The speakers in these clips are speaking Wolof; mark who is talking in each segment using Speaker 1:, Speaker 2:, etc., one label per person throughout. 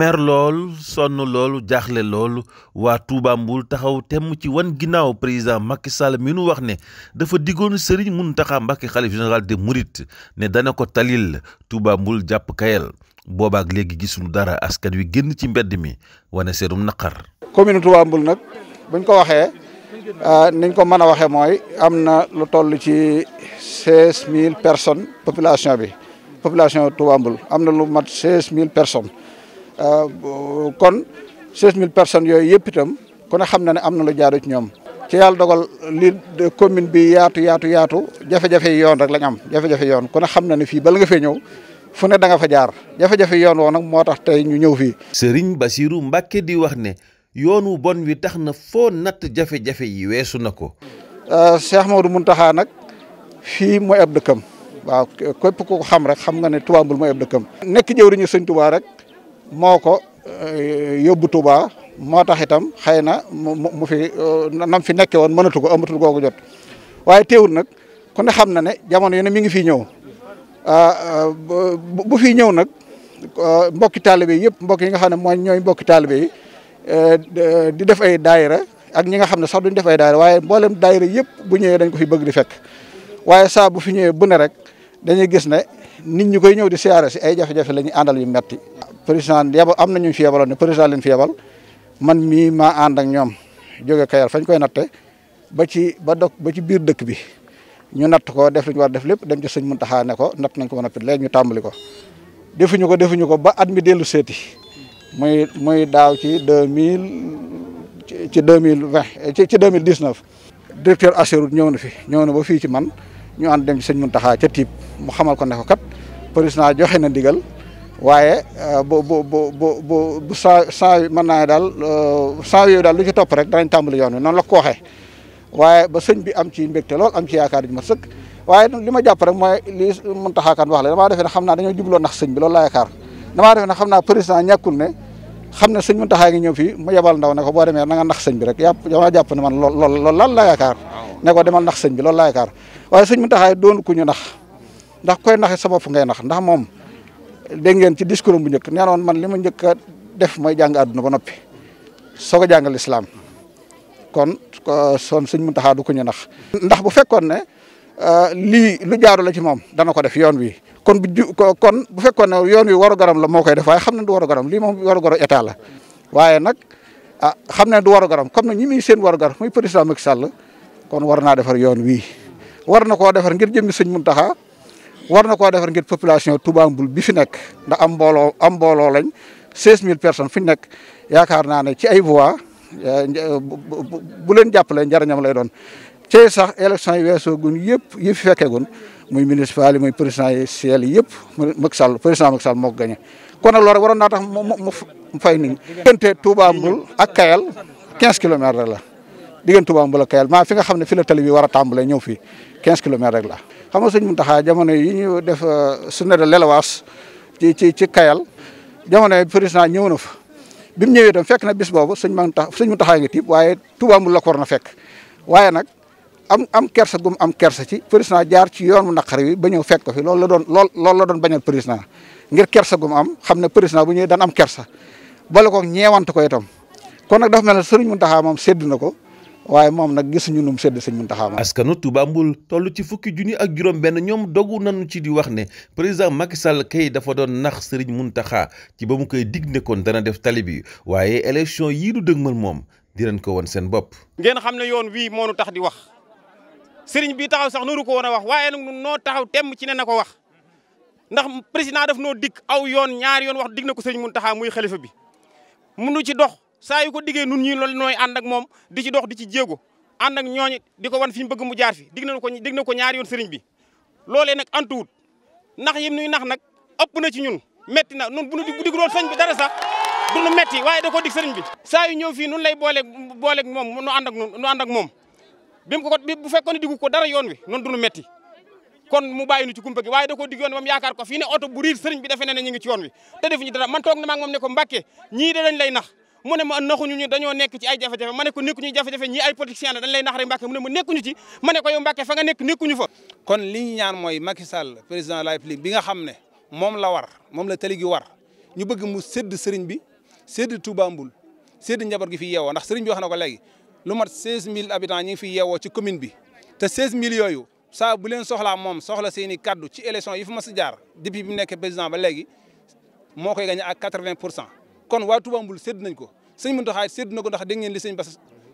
Speaker 1: mer lool sonn loolu jaaxle loolu waa Touba Mboul taxaw tem ci wan ginnaaw président Macky Sall mi nu wax ne dafa diggoon Serigne taxa Mbacké xalif général de murit ne dana ko talil Touba Mboul jàpp kayal boobaak léegi gisuñu dara askan wi génn ci mbedd mi wane seenum naqar.
Speaker 2: commune Touba Mboul nag buñ ko waxee ah, niñ ko mën a waxee mooy am na lu tol ci seize mille personnes population bi population Touba Mboul am na lu mat seize mille personnes. Euh, kon mille personnes yooyu yëpp itam ku ne xam na ne am na lu jaaru ci ñoom ci yàlla dogal de commune bi yaatu yaatu yaatu jafe-jafe yoon rek lañ am jafe-jafe yoon ku ne xam na ne fii bala nga fee ñëw fu ne danga fa jaar jafe-jafe yoon woo nag moo tax tey ñu ñëw fii. Serigne Bassirou Mbacke di wax ne yoon wu bon wi tax na foo natt jafe-jafe yi weesu na ko. Euh, Cheikh Maodo Mountakha nag fii mo ab dëkkam waaw képp ku ko xam rek xam nga ne Touba Mboul mooy ab dëkkam. nekk jëwriñu sëñ Touba rek. moo ko eh, yóbbu Touba moo tax itam xëy na mu fi eh, nam fi nekke woon mënatu ko amatul googu jot waaye teewul nag ku ne xam na ne jamono yu ne mi ngi fii ñëw ah, ah, bu fii ñëw nag eh, mbokki taalibe yi yëpp mbokk yi nga xam ne mooy ñooy mbokki taalibe yi di def ay daayira ak ñi nga xam ne sax duñ def ay daayira waaye mboolem daayira yëpp bu ñëwee dañ ko fi bëgg di fekk waaye saa bu fi ñëwee bu ne rek dañuy gis ne nit ñu koy ñëw di siyaare si ay jafe-jafe la ñuy àndal yu metti président yebal am nañu ñu fi yebaloon ne président leen fi yebal man mii ma ànd ak ñoom jóge Kayar fañ koy natte ba ci ba dok ba ci biir dëkk bi ñu natt ko def li war def lépp dem ci sëñ Muntaxa ne ko natt nañ ko mën a pit ñu tàmbali ko defuñu ko defuñu ko ba at mi dellu seeti muy muy daaw ci deux mille ci deux mille vingt ci deux mille dix neuf directeur Assirou ñëw na fi ñëw na ba fii ci man ñu ànd dem sëñ mun Muntaxa ca tiib mu xamal ko ne ko kat président joxe na ndigal waaye bu euh, bu bo bu bu saa naa daal euh, saa yooyu daal lu ci topp rek danañ tàmbali yoon la ko waxee waaye ba sëñ bi am ci mbégte lool am ci yaakaar ju ma sëkk waaye li ma jàpp rek mooy li Muntaxa Kan wax la damaa defe xam naa dañoo jubloo ndax sëñ bi loolu laa yaakaar xam naa président ñàkkul ne xam ne sëñ Muntaxa ngi ñëw fii mu yebal ndaw ne ko boo demee na nga nax sëñ bi rek yàpp damaa jàpp ne man lool lool loolu lan laa yaakaar ne ko demal nax sëñ bi loolu laa yaakaar waaye sëñ Muntaxa doon ku ñu nax ndax koy naxé sa mom ngay nax ndax mom dégg ngeen ci discours bu ñëk nee man lima ñëk def moy jang aduna ba nopi soog jangal islam kon son sëñ Muntaxa du ko ñu nax ndax bu fekkoon ne euh, li lu jaaru la ci moom dana ko def yoon wi kon bu kon bu fekkoon ne yoon wi waru garam la mo koy def waaye xamna du waru garam li mom waru garo état la waye nak ah du waru garam comme ñi mi seen waru garam muy président Macky kon warna defar yoon wi war na koo defar ngir jëmmi sëñ Muntaxa war na koo defar ngir population Touba Mboul bi fi nekk ndax am mbooloo am mbooloo lañ 16000 personnes fi ñu nekk yakaar naa ne ci ay voix eh, eh, bu leen jàppalee njëriñam lay doon. ci sax élection yi weesoo gun yëpp yi fi fekkee gun muy municipal yi muy président yi CL yëpp Macky Sall président Macky Sall moo ko gagné kon nag loolu waroon naa tax mu mu fay nit ñi. diggante Touba Mboul ak Kayal 15 kilomètres la. diggante Touba Mboulo Kayal maa fi nga xam ne fi la tali wara war a tàmbalee ñëw fii 15 rek la. xam nga sëñ Mountakha jamono yi ñu def euh, journée de l'élevage ci ci ci Kayal jamono yi président ñëw na fa bi mu ñëwee itam fekk na bis boobu sëñ Mountakha sëñ Mountakha ngi tiib waaye tubaam Mboulo ko war na fekk waaye nag. am am kersa gum am kersa ci président jaar ci yoon mu naqari wi ba ñëw fekk ko fi loolu la doon loolu la doon bañal président ngir kersa gum am xam ne président bu ñëwee daan am kersa boole ko ñeewante ko itam kon nag dafa mel ne mun Mountakha moom sédd na ko waaye moom nag gisuñu num sedd sëñ Muntaxa ma askanu Touba Mboul tollu
Speaker 1: ci fukki junni ak juróom benn ñoom dogu nañu ci di wax ne président Macky Sall kay dafa doon nax mun Muntaxa ci ba mu koy digg ne dana def tali bi waaye élection yii du dëgmal moom dinañ ko woon seen bopp ngeen xam ne yoon wii moo nu tax di wax sëriñ bi taxaw sax
Speaker 3: nooru ko woon a wax waaye nag noo taxaw temm ci ne na ko wax ndax président def noo dikk aw yoon ñaari yoon wax dig na ko mun Muntaxa muy xalifa bi mun munu ci dox saa yu ko diggee nun ñi loolu nooy ànd ak moom di ci dox di ci jéego ànd ak ñooñu di ko wan fi ñu bëgg mu jaar fi dig na ko dig na ko ñaari yoon sëriñ bi loolee nag antuwut nax yim nuy nax nag ëpp na ci ñun metti na nun bu nu bu digloon sëñ bi dara sax du nu metti waaye da nun lay boole booleeg moom nu ànd ak nun nu moom bi mu ko bu fekkoon ko dara yoon wi nun du nu metti kon mu bàyyi nu ci kumpa gi waaye da koo dig yoon wi ba yaakaar ko fii ne oto bu riir bi defe ne ne ñu ngi ci yoon wi te defuñu ko mbàkke ñii da dañ lay nax mu ne ma naxuñu ñu dañoo nekk ci ay jafe-jafe ma ne ko nekkuñu jafe-jafe ñi ay politiciens la dañ lay nax rek Mbàkke mu ne ma nekkuñu ci ma ne ko yow Mbàkke fa nga nekk nekkuñu
Speaker 4: fa kon li ñu ñaan mooy Macky Sall président de la République bi nga xam ne moom la war moom la tali war ñu bëgg mu sedd sëriñ bi sédd Touba Mboul sédd njaboot gi fi yeewoo ndax sëriñ bi wax na ko léegi lu mat mille habitants ñi ngi fi yeewoo ci commune bi te 16000 yooyu saa bu leen soxlaa moom soxla seeni kaddu ci élection yi fa mas a jaar depuis bi mu nekk ba léegi moo koy gagné ak 80 pour cent kon waatu Touba Mboul sédd nañ ko sëñ Mountakha sédd na ko ndax dégg ngeen li sëñ Bass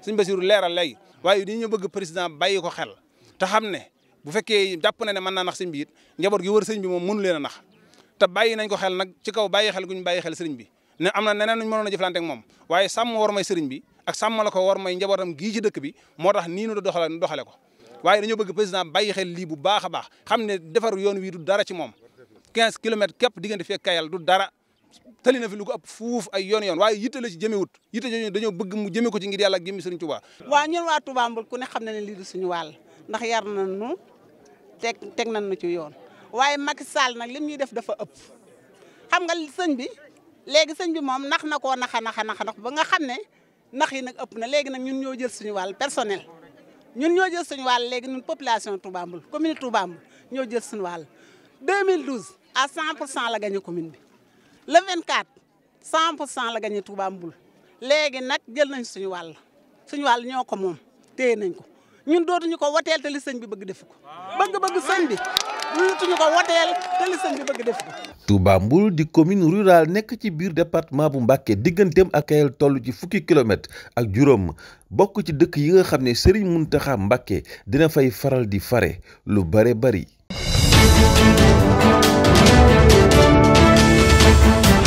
Speaker 4: sëñ Bassirou leeral léegi waaye dañu bëgg président bàyyi ko xel te xam ne bu fekkee jàpp na ne mën naa nax sëñ bi it njaboot gi wër sëñ bi moom mënu leen a te bàyyi nañ ko xel nag ci kaw bàyyi xel guñ bàyyi xel sëriñ bi ne am na neneen nuñ mënoon a jëflante moom waaye sàmm war may sëriñ bi ak sàmm la ko war may njabootam gii ci dëkk bi moo tax nii nu doxale doxale ko waaye dañoo bëgg président bay xel lii bu baax a baax xam ne defar yoon wii du dara ci moom 15 kilomètres képp diggante fekk kayal du dara tali na fi lu ko ëpp fuuf ay yoon yoon waaye yitte la ci jëmewut yitte jooju dañoo bëgg mu jëme ko
Speaker 3: ci ngi yàlla ak jëmmi Sëriñ Tuubaa waaw ñun waa Touba Mbul ku ne xam na ne lii suñu wàll ndax yar nañ nu teg teg nañ nu ci yoon waaye Macky Sall nag lim ñuy def dafa ëpp xam nga sëñ bi léegi sëñ bi moom nax na koo naxa naxa ba nga xam ne nax yi nag ëpp na léegi nag ñun ñoo jël suñu wàll personnel ñun ñoo jël suñu wàll léegi ñun population Touba Mbul commune Touba ñoo jël suñu wàll 2012 à 100 pour cent la gagné commune bi le 24 100 pour cent la gagné Touba Mboul léegi nag jël nañ suñu wàll suñu wàll ñoo ko moom téye nañ ko ñun dootuñu ko woteel te sëñ bi bëgg def ko bëgg-bëgg sëñ bi dootuñu ko woteel te sëñ bi bëgg def ko.
Speaker 1: Touba Mboul di commune rurale nekk ci biir département bu Mbacké digganteem ak Kayel toll ci fukki kilomètre ak juróom bokk ci dëkk yi nga xam ne mun Mountakha Mbacké dina fay faral di fare lu bare bari. Thank you.